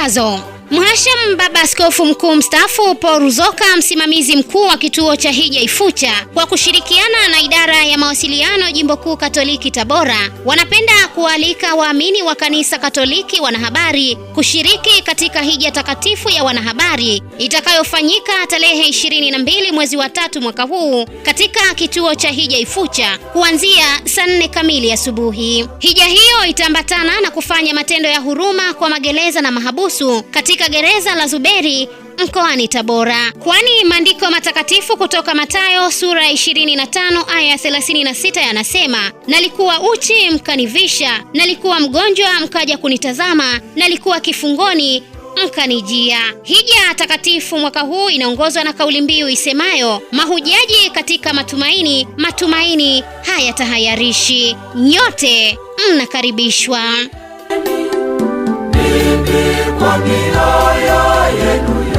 Razo. mhasham Baba Askofu Mkuu mstaafu Paul Ruzoka, msimamizi mkuu wa kituo cha Hija Ifucha, kwa kushirikiana na idara ya mawasiliano Jimbo Kuu Katoliki Tabora, wanapenda kualika waamini wa Kanisa Katoliki wanahabari kushiriki katika hija takatifu ya wanahabari itakayofanyika tarehe 22 mwezi wa tatu mwaka huu katika kituo cha Hija Ifucha kuanzia saa nne kamili asubuhi. Hija hiyo itaambatana na kufanya matendo ya huruma kwa magereza na mahabusu katika katika gereza la Zuberi mkoani Tabora, kwani maandiko matakatifu kutoka Mathayo sura 25 aya 36 yanasema, nalikuwa uchi mkanivisha, nalikuwa mgonjwa mkaja kunitazama, nalikuwa kifungoni mkanijia. Hija takatifu mwaka huu inaongozwa na kauli mbiu isemayo mahujaji katika matumaini, matumaini hayatahayarishi. Nyote mnakaribishwa kwa mioyo yenu